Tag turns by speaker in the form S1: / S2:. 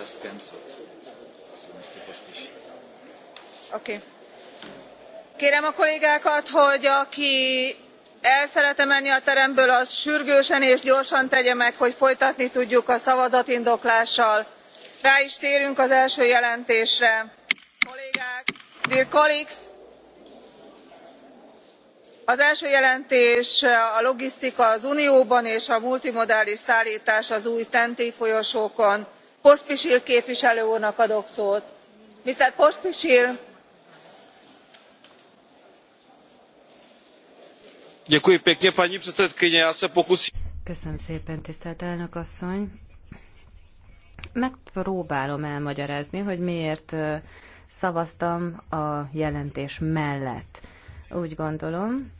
S1: just cancelled. So, Mr.
S2: Okay. Kérem a kollégákat, hogy aki el szeretne menni a teremből, az sürgősen és gyorsan tegye meg, hogy folytatni tudjuk a szavazatindoklással. Rá is térünk az első jelentésre. Kollégák, dear colleagues, az első jelentés a logisztika az unióban és a multimodális szálltás az új ten t folyosókon pospil képviselő úrnak adok szót. mr pospil
S3: paní předsedající já se pokusím.
S4: köszönöm szépen tisztelt elnök asszony megpróbálom elmagyarázni hogy miért szavaztam a jelentés mellett. úgy gondolom